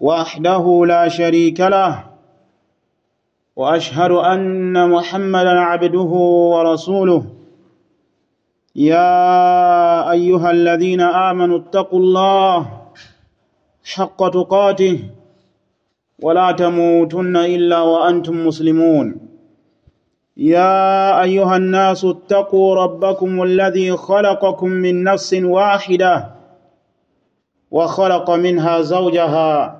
وحده لا شريك له وأشهد أن محمدا عبده ورسوله يا أيها الذين آمنوا اتقوا الله حق تقاته ولا تموتن إلا وأنتم مسلمون يا أيها الناس اتقوا ربكم الذي خلقكم من نفس واحدة وخلق منها زوجها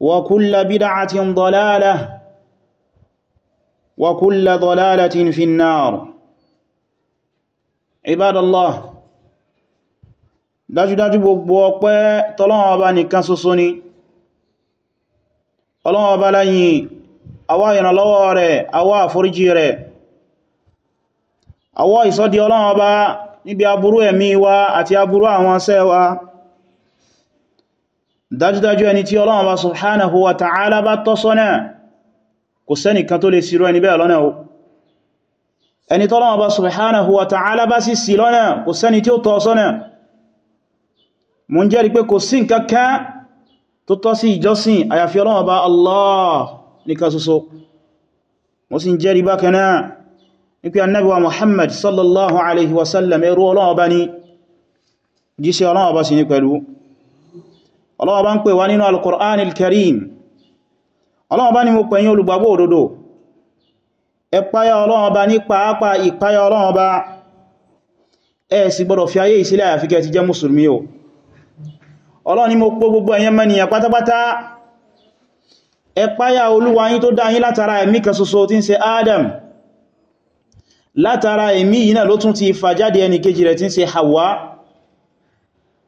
وكل بدعة ضلالة وكل ضلالة في النار عباد الله dájúdájú gbogbo ọpẹ́ tọ́lọ́wọ́ ọba nìkan ṣoṣo ni ọlọ́wọ́ ọba lẹ́yìn àwa ìrànlọ́wọ́ rẹ̀ àwa àforíjì rẹ̀ àwa ìsọ́dí ọlọ́wọ́ ọba níbi aburú ẹ̀mí wa àti aburú àwọn ṣẹ́ wa dájúdájú ẹni tí Ọlọ́run wa subhanahu wa ta'ala bá tọ́ sọ́nà kò sẹ́ni kan tó lè ṣì ẹni bẹ́ẹ̀ lọ́nà o ẹni tọ́lọ́run wa subhanahu wa ta'ala bá sì ṣì lọ́nà kò sẹ́ni tí ó tọ́ sọ́nà mo ń jẹ́rìí pé kò sí nǹkan tó tọ́ sí ìjọsìn àyàfi Ọlọ́run bá Allah ní jíṣẹ́ ọlọ́wọ́ bá ń pè wá nínú al-Qur'an al-Karim ọlọ́wọ́ bá ní mo pẹ̀yìn olùgbàgbọ́ òdodo ẹ̀páyà ọlọ́wọ́ bá ní pàápàá ìpáyà ọlọ́wọ́ bá ẹ̀ sì gbọ́dọ̀ fi ayé ìsílẹ̀ àfikẹ́ ti jẹ́ mùsùlùmí o ọlọ́wọ́ ni mo pọ̀ gbogbo ẹ̀yẹn mẹ́niyàn pátápátá ẹ̀páyà olúwa yín tó dá yín látara ẹ̀mí kan ṣoṣo tí ń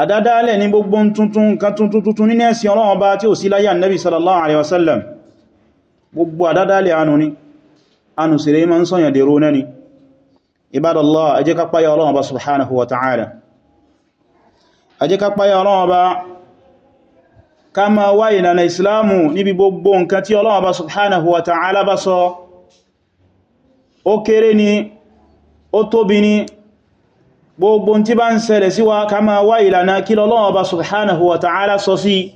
àdádálẹ̀ ní gbogbo tuntun nǹkan tuntun tuntun nínú ẹ̀sìn Ọlọ́run bá tí ò sí láyé Ànábì sallallahu alaihi wasallam gbogbo àdádálẹ̀ anu ni anu sì rẹ̀ ma ń sọ́yàn dèrò náà ni Ibadallah ẹ jẹ́ ká páyà Ọlọ́run bá subhanahu wa ta'ala ẹ jẹ́ ká páyà Ọlọ́run bá ká ma wá ìlànà Islamu níbi gbogbo nǹkan tí Ọlọ́run bá subhanahu wa ta'ala bá sọ ó kéré ni ó tóbi ni gbogbo tí bá ń ṣẹlẹ̀ sí wa ká máa wá ìlànà kí lọ́lọ́wọ́ bá subhanahu wa ta'ala sọ sí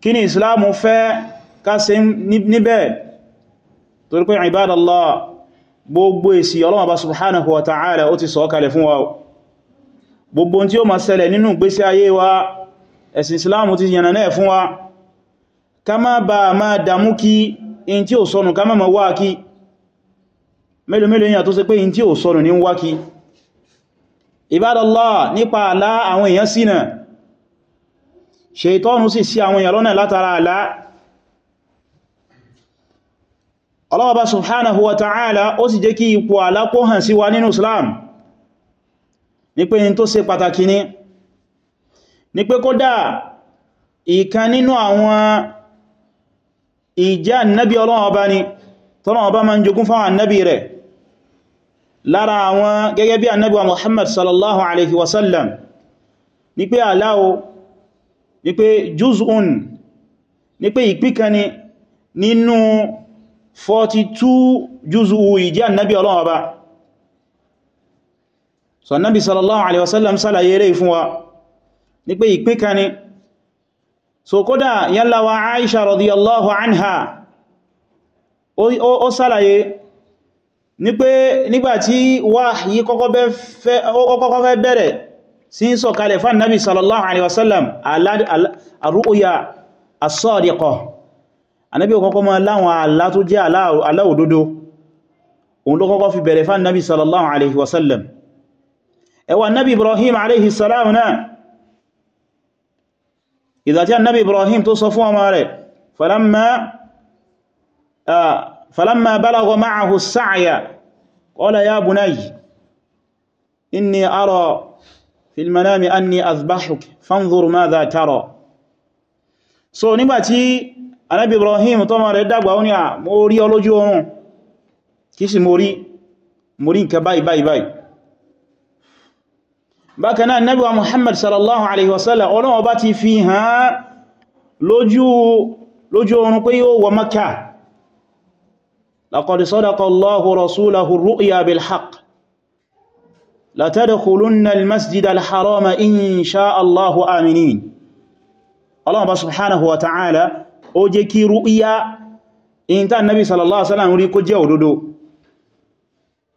kí ni islamu fẹ́ ká ṣe níbẹ̀ torí pé ibadallah gbogbo èsì ọlọ́wọ́ bá subhanahu wa ta'ala ó ti sọ kalẹ̀ fún wa gbogbo tí ó máa ṣẹlẹ̀ nínú gbésí ayé wa ẹ̀sìn islamu ti Ibadallah nípa àlá àwọn èèyàn ṣìnà ṣètọ́nù sì sí àwọn èèyàn lọ́nà látara àlá Allah bá subhanahu wa ta'ala ó sì jẹ́ kí ipò àlá kó hàn sí wa nínú Islam ní pé in tó ṣe pàtàkì ni ní pé kódà ìkan nínú àwọn ìjẹ́ annabi ọlọ́wọ́ ni tọ́lọ́wọ́ ma ń jogún fáwọn annabi rẹ̀ lára àwọn gẹ́gẹ́ bí annabi wa muhammad sallallahu alaihi wasallam ní pé aláwo ní pé juz'un ní pé ìpínkani nínú 42 juz'u ìjẹ́ annabi ọlọ́run ọba so annabi sallallahu alaihi wasallam ṣàlàyé rẹ̀ fún wa ní pé ìpínkani so kódà yalla wa aisha radiyallahu anha ó ṣàlàyé ní pé nígbàtí wahyi kọ́kọ́ fẹ́ bẹ̀rẹ̀ sí ń sọ̀kalẹ̀ fún annabi sallallahu alaihi wasallam arú'uya as-sadiqah annabi kọ́kọ́ ma láwọn àlá tó jẹ́ àlá òdodo òun ló kọ́kọ́ fi bẹ̀rẹ̀ fún annabi sallallahu alaihi wasallam ẹwà annabi ibrahim alaihi salam náà ìdàtí annabi ibrahim tó sọ fún ọmọ فلما بلغ معه السعي قال يا بني إني أرى في المنام أني أذبحك فانظر ماذا ترى so nígbàtí anábi Ibrahim tọ́mọ rẹ̀ dàgbà ó ní à mo rí ọlójú oòrùn kìí sì mo rí mo rí nǹkan báyìí báyìí báyìí bákan náà nábíwa Muhammad sallallahu alaihi wasallam ọlọ́wọ́ bá ti fi hàn lójú oòrùn pé yóò wọ Makkah لقد صدق الله رسوله الرؤيا بالحق لتدخلن المسجد الحرام إن شاء الله آمنين الله سبحانه وتعالى ó jẹ́ kí rúíyá in tá nàbí sallallahu alaihi wasallam rí kó jẹ́ òdodo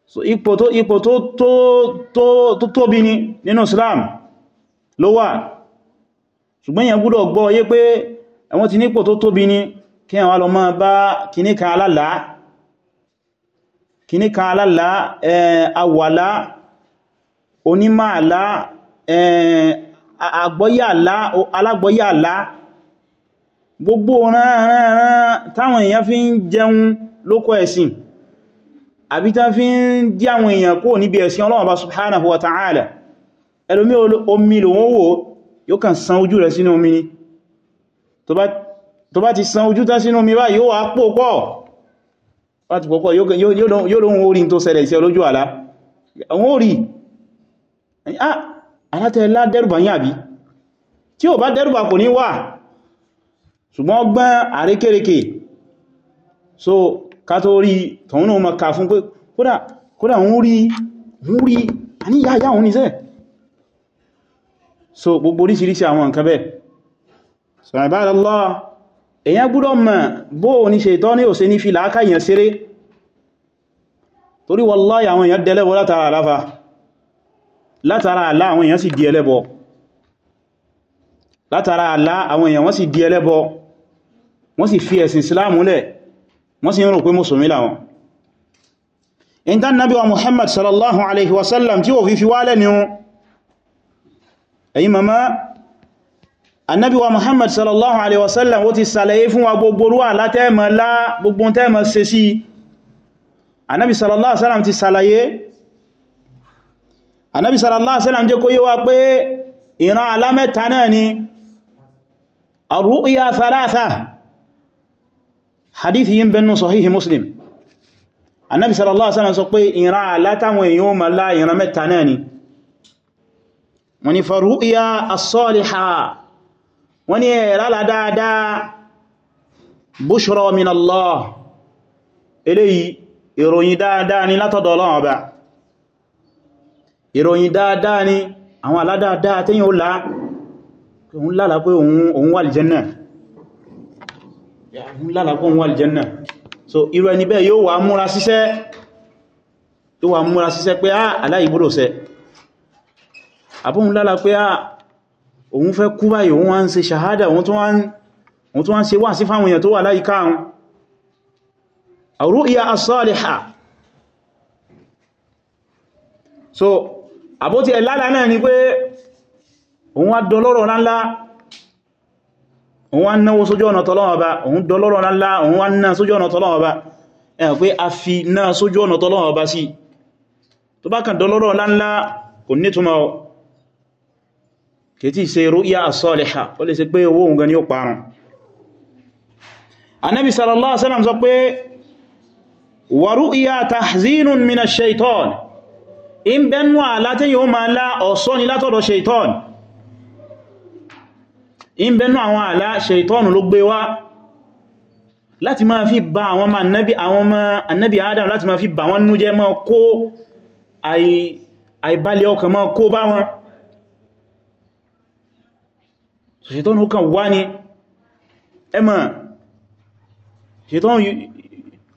so ipò tó ipò tó tó tóbi ni nínú Islam ló wà ṣùgbọ́n yẹn gbọ́dọ̀ gbọ́ yé pé àwọn ti nípò tó tóbi ni kí àwọn alọ́mọ́ bá kìníkà alálàá kìní kan alálà awàlá onímàlá alágbọ́yàlá gbogbo ránran táwọn èèyàn fi ń jẹun lókọ ẹ̀sìn àbí tán fi ń dí àwọn èèyàn kó níbi ẹ̀sìn Ọlọ́run bá subhanahu wa ta'ala ẹlòmí omi lòun wò yóò kàn san ojú rẹ̀ sínú omi ni tó bá ti san ojú tán sínú omi báyìí yóò wá pòpọ̀ láti pọ̀pọ̀ yóò lóhun orí tó ṣẹlẹ̀ sí olójú àlá àwọn orí alátẹ́lá ah, dẹ́rùbà yà bí tí ó bá dẹ́rùbà kò ní wà ṣùgbọ́n gbọ́n àrékèrèkè so kátó rí tọ̀húnà ma ká fún pé kódà ń rí rí àníyà yà òun níṣẹ́ so gbogbo oríṣiríṣi àwọn nǹkan bẹ́ẹ̀ so ibadallah èyàn gbúdọ̀ mọ̀ bó o ní ṣètọ́ ní òsè ní fi làákà èyàn séré torí wallahi àwọn èyàn dẹlẹ́bọ látara àláfà látara àlá àwọn èyàn sì di ẹlẹ́bọ látara àlá àwọn èyàn wọ́n sì di ẹlẹ́bọ wọ́n sì fi ẹ̀sìn Ìsìláàmù lẹ̀ wọ́n sì ń rò pé mùsùlùmí làwọn ìntán nabi wa annabi wa muhammad sallallahu alaihi wasallam ó ti ṣàlàyé fún wa gbogbo ruwa látẹ́mọ̀ lá gbogbo tẹ́mọ̀ ṣe sí annabi sallallahu alaihi wasallam ti ṣàlàyé annabi sallallahu alaihi wasallam jẹ́ kó yé wa pé ìran alámẹ́ta náà ni arru'iya thalatha hadithi yin bẹnu sahihi muslim annabi sallallahu alaihi wasallam sọ pé ìran alátáwọn èèyàn ma lá ìran mẹ́ta náà ni wọ́n ni as-salihah wọ́n ní ẹ̀rálà dáadáa bushra min Allah eléyìí ìròyìn dáadáa ni látọ̀dọ̀ Ọlọ́run Ọba ìròyìn dáadáa ni àwọn aládáadáa tí yíò lá òun lálà pé òun wà aljanna òun lálà pé òun wà aljanna so irú ẹni bẹ́ẹ̀ yóò wà múra síṣẹ́ pé á aláìgbódòsẹ́ àbúhun òun fẹ́ kú báyìí òun wá ń ṣe ṣàhádà òun tó wá ń ṣe wà sí fáwọn èèyàn tó wà láyìíká wọn àrúyà as-saliha so àbótí ẹ̀ lálá náà ni pé òun wá dọlọ́rọ̀ ńlá òun wá náwó sójú ọ̀nà tọ́lọ́wọ́ bá òun dọlọ́rọ̀ ńlá òun wá náà sójú ọ̀nà tọ́lọ́wọ́ bá kìtí ṣe rúyà as-saliha ó lè ṣe pé owó òun gan ni ó parun anábi sallallahu alaihi wasallam sọ pé wa ru'ya tahzinun min ash-shaytan in bẹnu àlá tí yíò máa lá ọ̀ṣọ́ ni látọ̀dọ̀ shaytan in bẹnu àwọn àlá shaytan ló gbé wá láti máa fi bá àwọn ọmọ annabi adam láti máa fi bá wọn nú jẹ́ máa kó àìbalẹ̀ ọkàn máa kó bá wọn ṣetán ó kàn wá ní ẹmà ṣetán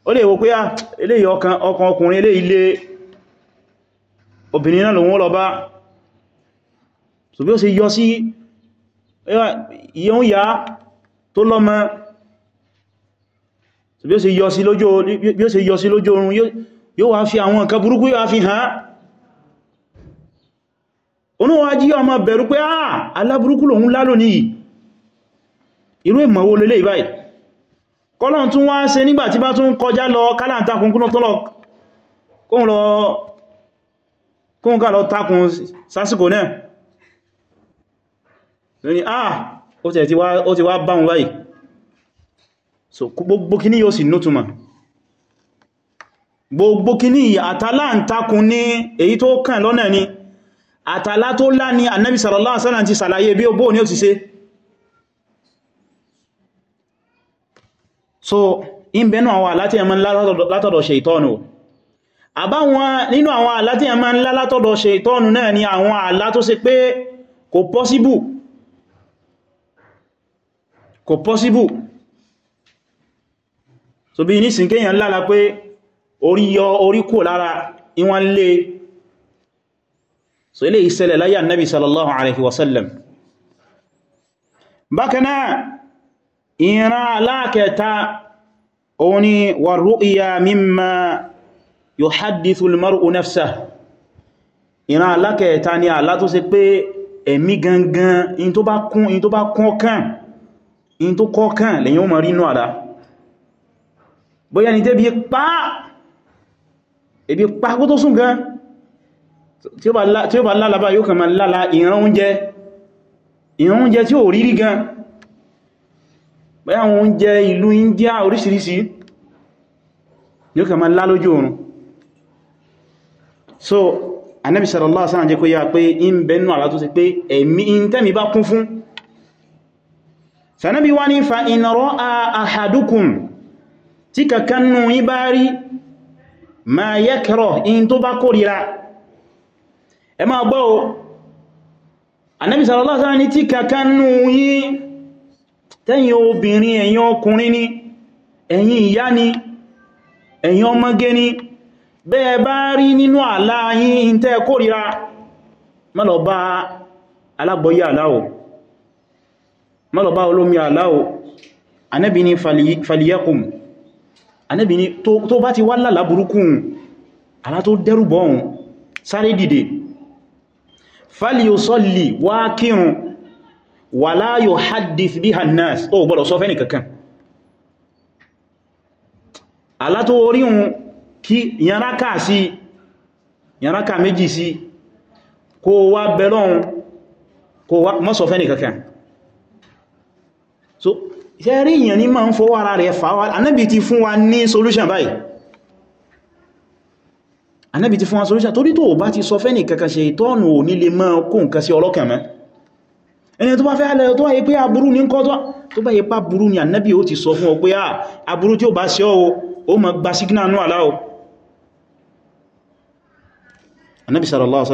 ó lè wò pé ah, eléyìí ọkàn ọkùnrin eléyìí ilé obìnrin náà lòun lọ bá so bí ó ṣe yọ sí iye oúnjẹ tó lọ́mọ so bí ó ṣe yọ sí lójú oorun yóò wá fi àwọn nǹkan burúkú yóò wá fi hàn oníwájí ọmọ bẹ̀rù pé àà ah, aláburúkú lòun lálò ní irú ìmọ̀wó lélé ìbáyìí kọ́lọ̀n tún wá ṣe nígbà tí bá tún kọjá lọ kálàntakùn kúnnà tọ́lọ kóhun ká lọ takùn sásìkò náà ah, so gbogbo kíní yóò sì nútùmà gbogbo kíní àtàlàntakùn ní èyí àtàlá tó lá ní annabi sallallahu alaihi wasallam ti sàlàyé bí ó bóò ní ó ti ṣe so in bẹnu àwọn àlá tí a máa ń lá látọ̀dọ̀ ṣètọ́nù àbáwọn nínú àwọn àlá tí a máa ń náà ni àwọn àlá tó ṣe pé kò pọ́síbù kò pọ́síbù so bí nísìn kéèyàn lára pé orí yọ orí kò lára ìwọ̀n lè so ilé ìṣẹ̀lẹ̀ láyé annabi sallallahu alaihi wasallam bákanáà ìran alákẹta òun ni wà rú'íyà mímá yuhaddithu al-mar'u nafsah ìran alákẹta ni àlá tó ṣe pé ẹ̀mí gangan in tó bá kún in tó bá kọ́kàn in tó kọ́kàn lẹ́yìn mọ̀ rínú àlá bóyá ni tẹ́bí pàá pàá tí ó bá lálàbá yóò kàn máa lálà ìran oúnjẹ ìran oúnjẹ tí ò rírí gan báyá àwọn oúnjẹ ìlú India oríṣiríṣi yóò kàn máa lá lójú so Ànábì sallallahu alaihi wasallam jẹ́ kó yá pé in bẹnu àlá tó ṣe pé ẹ̀mí in tẹ́mi bá kún fún sanabi wá fa in ra'a ahadukun, tí kankan ibari ma yakro in tó bá kórìíra ẹ máa gbọ́ o Ànábì sallallahu alaihi wasallam ní tí kankan nù yín tẹ́yìn obìnrin ẹ̀yin ọkùnrin ni ẹ̀yin ìyá ni ẹ̀yin ọmọge ni bẹ́ẹ̀ bá rí nínú àlá yín tẹ́ kórìíra má lọ bá alágbọ́yé olómi aláwò Ànábì ní faliyakum Ànábì ní tó bá ti wá lálàá burúkú àlá tó dẹ́rùbọ̀ ọ̀hún sáré dìde fàlìyòsọ́lì wá kírun wà láyò hadith bí hannas ó gbọ́dọ̀ sọ fẹ́ni kankan alátó oríhun kí yanraka sí yanraka méjì sí kó wá bẹ̀lọ́un kó wá má fẹ́ni kankan so ṣe rí ìyàn ní ma ń fọwọ́ ara rẹ̀ fàwọ́ anábi ti fún wa solution torí tó bá ti sọ fẹ́ni kankan ṣe ìtọ́nù ò ní lè máa kó nǹkan sí ọlọ́kàn mẹ́ ẹni tó bá fẹ́ alẹ́ tó wáyé pé aburú ní kọ́ tó bá yẹ pá burú ni anábi ó ti sọ fún ọ pé à ah, aburú tí ó bá ṣe ọ́ ó ma gba sígínà nú àlá o anábi sallallahu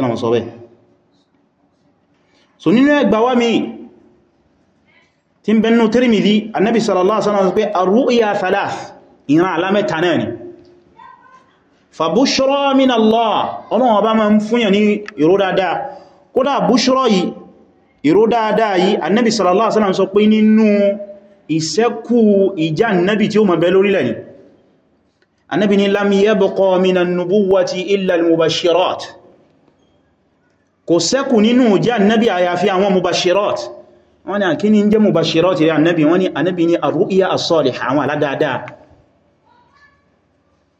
fàbúṣọ́rọ́ min Allah ọlọ́run ọba máa ń fúnyàn ní ìró dáadáa kódà búṣọ́rọ́ yìí ìró dáadáa yìí annabi sallallahu alaihi wasallam sọ pé nínú ìṣẹ́kù ìjà annabi tí ó máa bẹ lórílẹ̀ ni annabi ni lam yabqa minan nubuwwati illa al-mubashirat kò ṣẹ́kù nínú ìjà annabi àyàfi àwọn mubashirat wọ́n ni àkíní ń jẹ́ mubashirat rẹ̀ annabi wọ́n ni annabi ni arru'iya as-salihah àwọn aládáadáa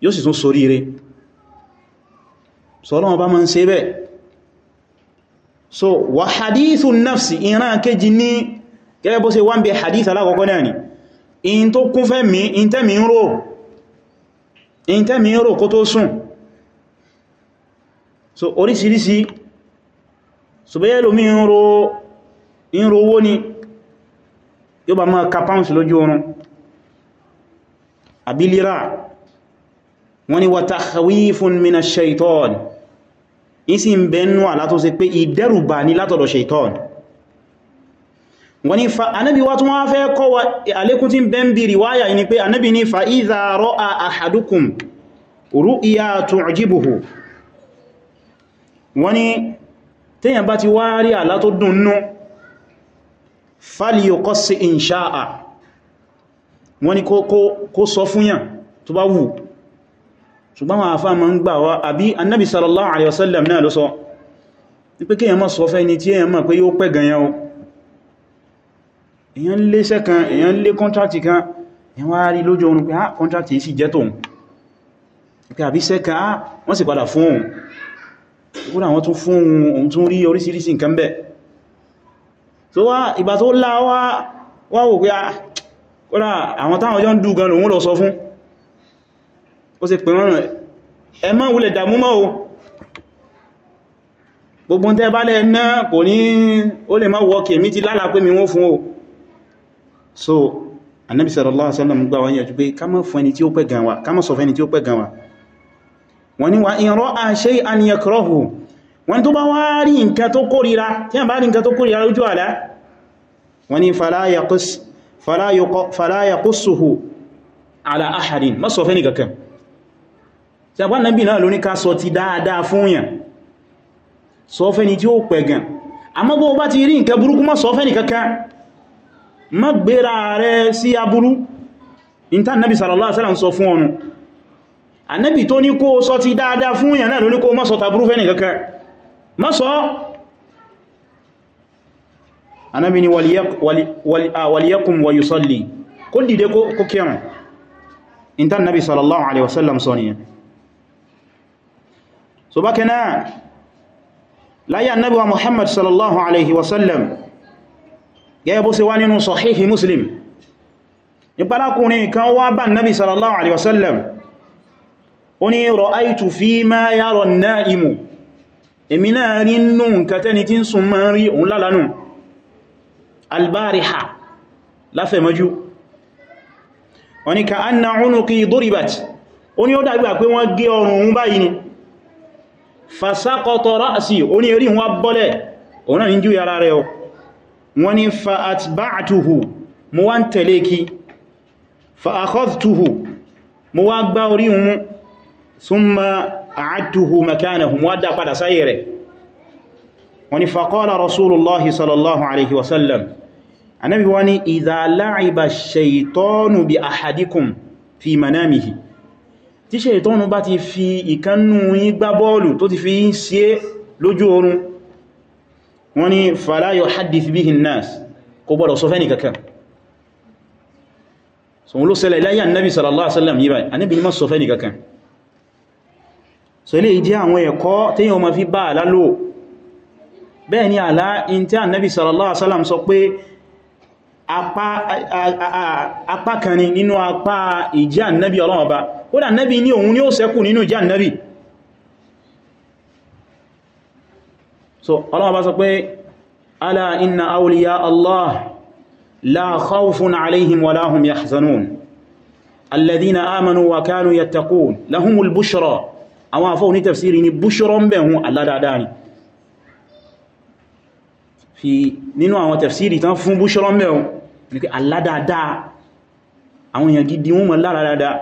yóò sì tún sórí rẹ̀ so ọlọ́wọ́ bá ma ń ṣe so wà hadithu nafsi ìran kejì ní gẹ́gẹ́ bó ṣe wá ń bẹ hadith alákọ̀ọ́kọ́ náà ni in tó kún fẹ́ mi in tẹ́mi ń rò in tẹ́mi ń rò kó tó sùn so oríṣiríṣi so bẹ́yẹ́ lómi ń rò ń rò owó ni yóò bá máa ka pounds lójú oorun àbí wọ́n ni wa takhwifun mina shaitan isi ń bẹnu àlá tó ṣe pé ìdẹ́rùbà ní látọ̀dọ̀ shaitan wọ́n ni fa anábi wá tún wá fẹ́ kọ́ wa alékún tí ń bẹ́ ń bí riwaya ni pé anábi ni fa idha ra'a ahadukum ru'ya tu'jibuhu tó dùnnú tó bá wù ṣùgbọ́n wọn àfá ma ń gbà wá àbí annabi sallallahu alaihi wasallam náà ló sọ ní pé kíyàn mọ́ sọ fẹ́ ni tí èyàn mọ̀ pé yóò pẹ́ ganyan o èyàn lé sẹ́kan èyàn lé kọ́ntrakti kan èyàn wá rí lójú oorun pé á ah, sì jẹ́ tóun ah, wọ́n sì padà fún ó sì pè wọ́n ẹmọ́ wulẹ̀ dàmú mọ́ o gbogbo tẹ́ bá lẹ́ náà kò ní ó lè má wọ́kì èmi ti lálà pé mi wọ́n fún o so Ànábì sallallahu alaihi wasallam gbà wọ́n yẹ̀jú pé ká má fún ẹni tí ó pẹ́ gan wa ká má sọ fún ẹni tí ó pẹ́ gan wa wọ́n ní wa in ra'a shay'an yakrahu wọ́n tó bá wá rí nǹkan fala yaqussuhu ala ahadin má sọ fún kankan ṣàpá nàbì náà lóní ká sọ ti dáadáa fún yàn sọ fẹ́ni tí ó pẹ̀gàn àmọ́ bó bá ti rí nǹkan burúkú má sọ fẹ́ni kankan má gbéra rẹ sí aburú ìntà nàbì sallallahu alaihi wasallam sọ fún ọnu ànábì tó ní kó sọ ti dáadáa fún yàn náà lóní kó má sọ taburú fẹ́ni kankan má sọ anábi ni waliyakun so bákan náà láyé annabi wa muhammad sallallahu alaihi wasallam gẹ́gẹ́ bó ṣe wá nínú sahihi muslim ìpálákùnrin kan wá bá annabi sallallahu alaihi wasallam ó ní ra'aytu fi ma yara an-na'imu èmi náà rí nù kàtẹ́ni tí ń sùn máa rí òun lálánù albáriha láfẹ̀mọ́jú wọ́n ni ka anna unuqi duribat ó ní ó dàgbà pé wọ́n gé ọrùn òun báyìí ni fasaqata ra'si oní orí wọn bọ́lẹ̀ ọ̀nà ní jú yàrá rẹ̀ wọ́n ni fa atba'tuhu mo wá ń tẹ̀lé kí fa akhadhtuhu mo wá gbá orí wọn thumma a'adtuhu makanahu mo wá dá padà sáyẹ̀ rẹ̀ wọ́n ni fa qala rasulullahi sallallahu alaihi wasallam anabi wani idha la'iba shaytanu bi ahadikum fi manamihi tí ṣètọ́nù bá ti fi ìkánnú yín gbá bọ́ọ̀lù tó ti fi yín sí é lójú oorun wọ́n ni fala yuhaddith bihi an-nas kò gbọ́dọ̀ sọ fẹ́ni kankan so wọ́n ló ṣẹlẹ̀ láyé annabi sallallahu alaihi wasallam yíba annabi ni má sọ fẹ́ni kankan so apá kan ni nínú apá ìjẹ́ ànábì ọlọ́run ọba ó dà nábì ní òun ni ó sẹ́kù nínú ìjẹ́ ànábì so ọlọ́run ọba sọ pé ala inna awliya allah la khawfun alaihim wa lahum yahzanun alladhina amanu wa kanu yattaqun lahumul bushra àwọn afọ́ oní tafsiri ni bushra ń hun aládádá fi nínú àwọn tafsiri tán fún búṣọ́rọ̀ mẹ́o ní pé aládáadáa àwọn èèyàn gidi wọ́n mọ̀ lára dáadáa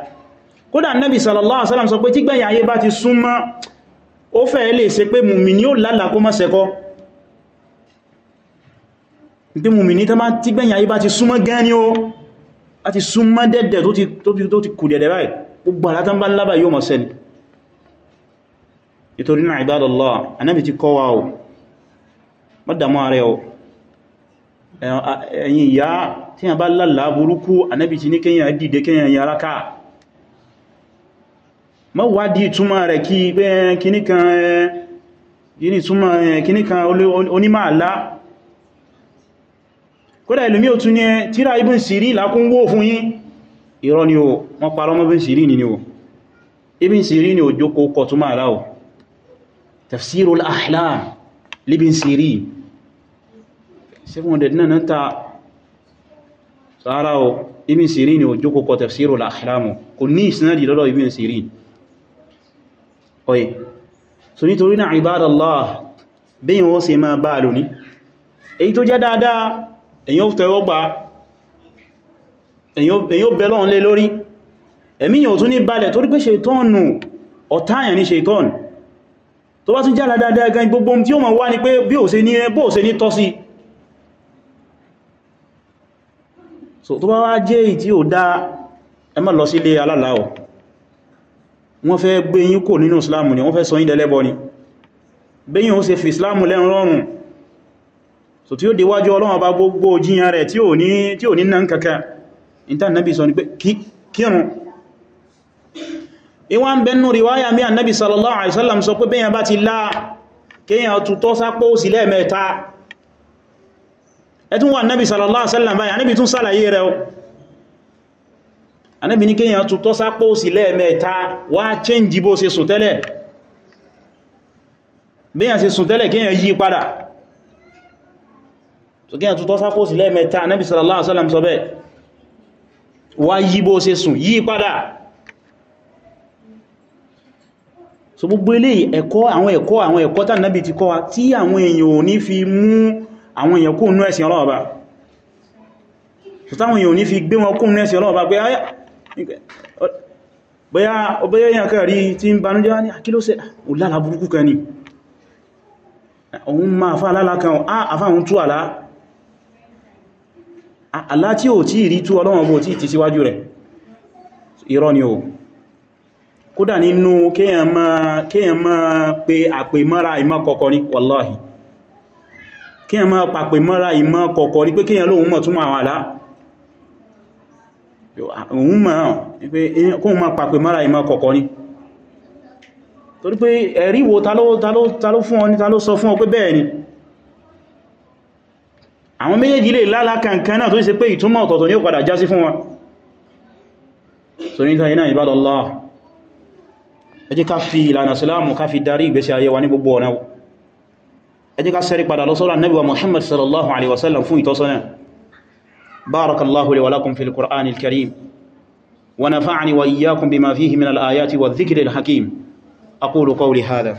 kódà Nabi sallallahu alaihi wasallam sọ pé tí gbẹ̀yìn ayé bá ti súnmọ́ ó fẹ́ lè ṣe pé mùmìní ó lálà kó mọ́ sẹ́kọ́ pé mùmìní tí gbẹ̀yìn ayé bá ti súnmọ́ gan ni ó a ti súnmọ́ dẹ̀dẹ̀ tó ti kù dẹ̀dẹ̀ báyìí gbogbo àlátán bá lábà yóò mọ̀ sẹ́ni ìtorí náà ibadallah anábì ti kọ́ wa o mọ́dàmọ́ rẹ̀ o ẹ̀yìn ìyá tí a bá lálà burúkú ànábì ti ní kíyàn dìde kíyàn yára ká mọ́ wádìí túnmọ̀ rẹ̀ kí pé kíníkan onímọ̀ àlá kódà ìlúmí ò tún ní ẹ tíra Ibn Sirin lákún wó fún yín irọ́ ni o wọ́n parọ́ mọ́ Ibn Sirin ni o Ibn Sirin ni ò jókòó kọ̀ túnmọ̀ àlá o tafsirul ahlam libin Sirin 700 náà náà ta sára o Ibn Sirin ò jókòó kọ tafsirul ahlam kò ní ìsinádì lọ́dọ̀ Ibn Sirin ọ̀yẹ́ so nítorí náà ibadallah bẹ́yìn wọ́n ṣe máa bá lóní èyí tó jẹ́ dáadáa èyí ó tẹ́wọ́ gbà èyí ó bẹ̀lọ́n lé lórí ẹ̀mí yóò tún ní balẹ̀ torí pé ṣètọ́nù ọ̀táyà ní ṣètọ́nù tó bá tún jẹ́ dáadáa gan gbogbo tí ó máa wá ní pé bí ò ṣe ní tọ́sí so tó bá wá jẹ́ èyí tí ó dá ẹ má lọ sílé aláláwọ̀ wọ́n fẹ́ gbé yín kò nínú islam ni wọ́n fẹ́ sọ yín dẹlẹ́bọ ni bẹ́yìn ó ṣe fi islam lẹ́rùn rọrùn so tí ó di wájú ọlọ́run bá gbogbo jíyàn rẹ̀ tí ò ní tí ò ní nan kankan ìta nabi sọ ni pé kírun ìwọ́n ń bẹnu riwaya mi annabi sallallahu alaihi wasallam sọ pé bẹ́yàn bá ti lá kéyàn tutọ́ sápó sílẹ̀ mẹ́ta ẹtún wà nábi sallallahu alaihi wasallam báyìí anábi tún sàlàyé rẹ̀ o anábi ní kíyàn tún tọ́ sápò sí lẹ́ẹ̀mẹ́ta wá chẹ́njì bó ṣe sùn tẹ́lẹ̀ bíyàn ṣe sùn pada, kíyàn yí padà so kíyàn tún tọ́ sápò sí wa ta gbogbo ti kọ́ wa tí àwọn èèyàn ò fi mú àwọn èèyàn kó nú ẹ̀sìn ọlọ́ọ̀bá sọtáwọn èèyàn ní fi gbé wọn kó nú ẹ̀sìn ọlọ́ọ̀bá pé bóyá èèyàn kẹrì tí ń banújẹ́ ní àkílóṣẹ́ òlára burúkú kan ni òun máa fà alára kan àfáhun tú àlá àlá tí ò tí ìrí tú ọlọ́wọ̀n bó tí ti síwájú rẹ̀ irọ́ ni o kódà nínú kéèyàn máa pe àpè mọ́ra ìmọ́kọ̀kọ́ ní wàláhìí kí ẹ máa pàpè mọ́ra ìmọ̀ kọ̀kọ̀ rí pé kí ẹ lóhun mọ̀ túnmọ̀ àwọn àlá òun mọ̀ pé kóhun máa pàpè mọ́ra ìmọ̀ kọ̀kọ̀ ni torí pé ẹ̀rí wo ta ló fún ọ ní ta ló sọ fún ọ pé bẹ́ẹ̀ ni àwọn méjèèjì lè lálákàǹkan náà tó ṣe pé so níta iná ìbádọ́lá ẹ jẹ́ ká fi ìlànà sílámù ká fi darí ìgbésí ẹ jẹ́ ká sẹ́rí padà lọ sọ́rọ̀ annabi wa muhammad sallallahu alaihi wasallam fún ìtọ́sọ́nà barakallahu li wa lakum fil qur'an al-karim wa nafa'ani wa iyyakum bima fihi min al-ayati wa dhikri al-hakim aqulu qawli hadha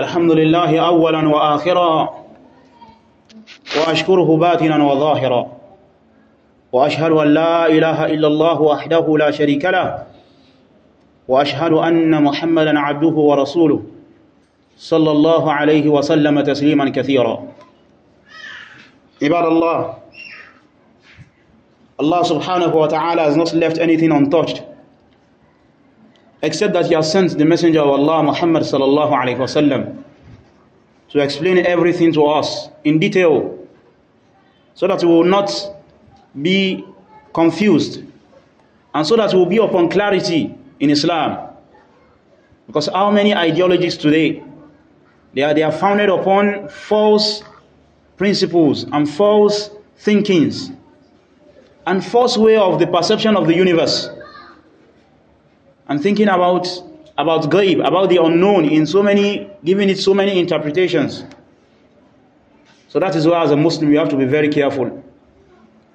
الحمد لله أولا وآخرا وأشكره باتنا وظاهرا وأشهد أن لا إله إلا الله وحده لا شريك له وأشهد أن محمدا عبده ورسوله صلى الله عليه وسلم تسليما كثيرا عباد الله الله سبحانه وتعالى has not left anything untouched except that he has sent the messenger of Allah Muhammad sallallahu alaihi wasallam to explain everything to us in detail so that we will not be confused and so that we will be upon clarity in Islam because how many ideologies today they are, they are founded upon false principles and false thinkings and false way of the perception of the universe And thinking about about ghaib, about the unknown in so many giving it so many interpretations. So that is why as a Muslim we have to be very careful.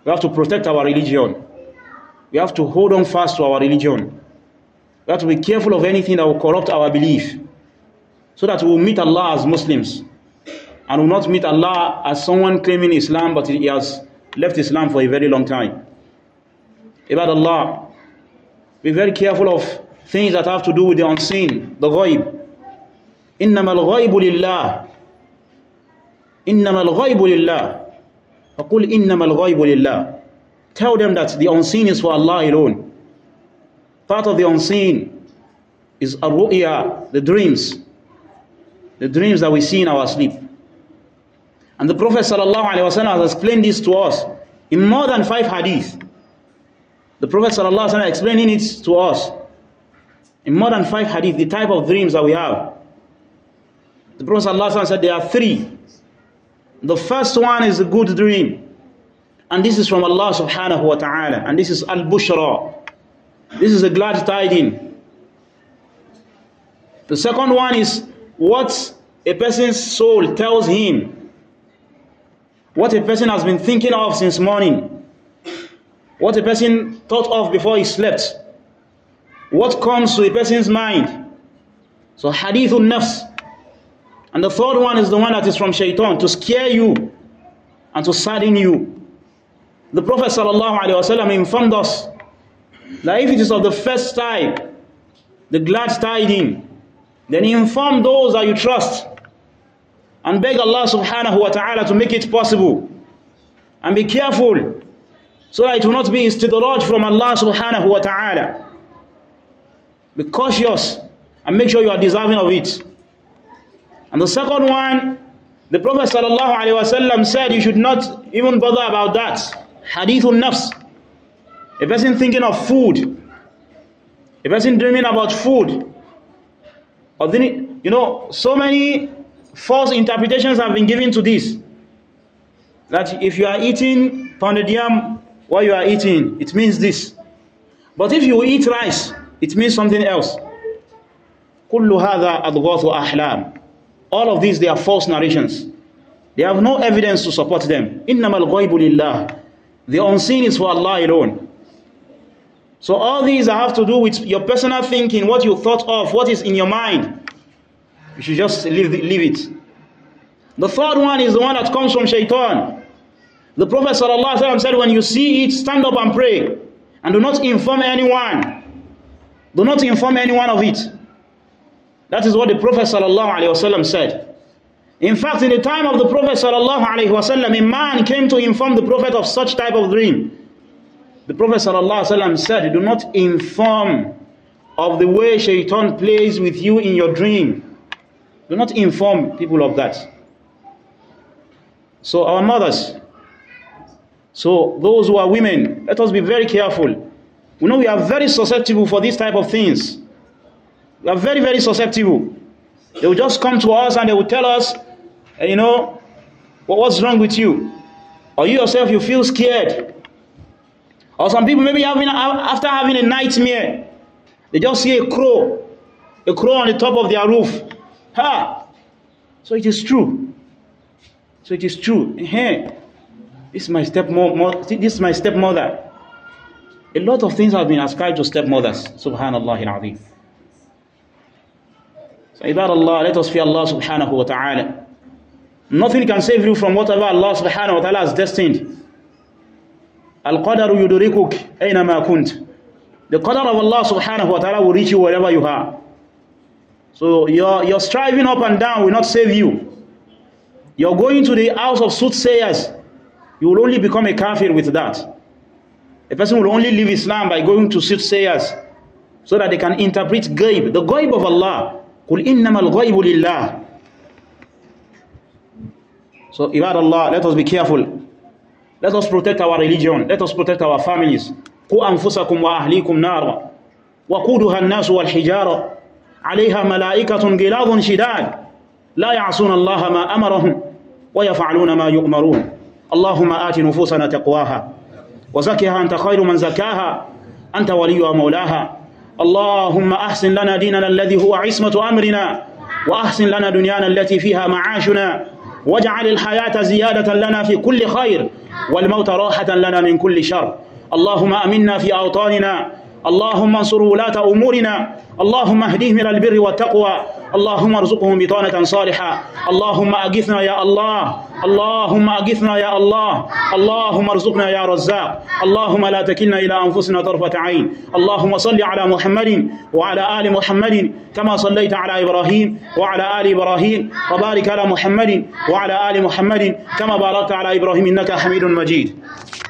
We have to protect our religion. We have to hold on fast to our religion. We have to be careful of anything that will corrupt our belief. So that we will meet Allah as Muslims. And will not meet Allah as someone claiming Islam but he has left Islam for a very long time. About Allah, be very careful of things that have to do with the unseen, the ghaib. إنما الغيب لله إنما الغيب لله فقل إنما الغيب لله Tell them that the unseen is for Allah alone. Part of the unseen is ar the dreams. The dreams that we see in our sleep. And the Prophet wasallam has explained this to us in more than five hadith. The Prophet wasallam explaining it to us in more than five hadith the type of dreams that we have the Prophet ﷺ said there are three the first one is a good dream and this is from Allah subhanahu wa ta'ala and this is al-bushra this is a glad tidings the second one is what a person's soul tells him what a person has been thinking of since morning what a person thought of before he slept what comes to a person's mind. So hadithun nafs. And the third one is the one that is from shaitan, to scare you and to sadden you. The Prophet ﷺ informed us that if it is of the first type, the glad tidings, then inform those that you trust and beg Allah subhanahu wa ta'ala to make it possible. And be careful so that it will not be istidraj from Allah subhanahu wa ta'ala. be cautious and make sure you are deserving of it and the second one the prophet sallallahu alaihi wasallam said you should not even bother about that Hadith hadithun nafs a person thinking of food a person dreaming about food or then, you know so many false interpretations have been given to this that if you are eating pounded yam while you are eating it means this but if you eat rice It means something else. Kullu hadha adghathu ahlam. All of these, they are false narrations. They have no evidence to support them. Innamal ghaibu lillah. The unseen is for Allah alone. So all these have to do with your personal thinking, what you thought of, what is in your mind. You should just leave, leave it. The third one is the one that comes from shaitan. The Prophet wasallam said, when you see it, stand up and pray. And do not inform anyone. Do not inform anyone of it. That is what the Prophet wasallam said. In fact, in the time of the Prophet a man came to inform the Prophet of such type of dream. The Prophet ﷺ said, Do not inform of the way shaitan plays with you in your dream. Do not inform people of that. So, our mothers, so those who are women, let us be very careful we know we are very susceptible for these type of things we are very very susceptible they will just come to us and they will tell us you know well, what's wrong with you or you yourself you feel scared or some people maybe having after having a nightmare they just see a crow a crow on the top of their roof ha so it is true so it is true hey this is my stepmom this is my stepmother A lot of things have been ascribed to stepmothers. Subhanallah al-Azim. So, Allah, let us fear Allah subhanahu wa ta'ala. Nothing can save you from whatever Allah subhanahu wa ta'ala has destined. al qadaru yudurikuk aynama kunt. The Qadar of Allah subhanahu wa ta'ala will reach you wherever you are. So your, your striving up and down will not save you. You're going to the house of soothsayers. You will only become a kafir with that. A person will only leave Islam by going to soothsayers so that they can interpret ghaib, the ghaib of Allah. قُلْ إِنَّمَا الْغَيْبُ لِلَّهِ So, Ibad Allah, let us be careful. Let us protect our religion. Let us protect our families. قُوا أَنفُسَكُمْ وَأَهْلِيكُمْ نَارًا وَقُودُهَا النَّاسُ وَالْحِجَارَةُ عليها ملائكة غلاظ شداد لا يعصون الله ما أمرهم ويفعلون ما يؤمرون اللهم آت نفوسنا تقواها وزكها أنت خير من زكاها أنت ولي ومولاها اللهم أحسن لنا ديننا الذي هو عصمة أمرنا وأحسن لنا دنيانا التي فيها معاشنا واجعل الحياة زيادة لنا في كل خير والموت راحة لنا من كل شر اللهم أمنا في أوطاننا اللهم انصر ولاة أمورنا اللهم اهديهم إلى البر والتقوى اللهم ارزقهم بطانة صالحة اللهم أغثنا يا الله اللهم أغثنا يا الله اللهم ارزقنا يا رزاق اللهم لا تكلنا إلى أنفسنا طرفة عين اللهم صل على محمد وعلى آل محمد كما صليت على إبراهيم وعلى آل إبراهيم وبارك على محمد وعلى آل محمد كما باركت على إبراهيم إنك حميد مجيد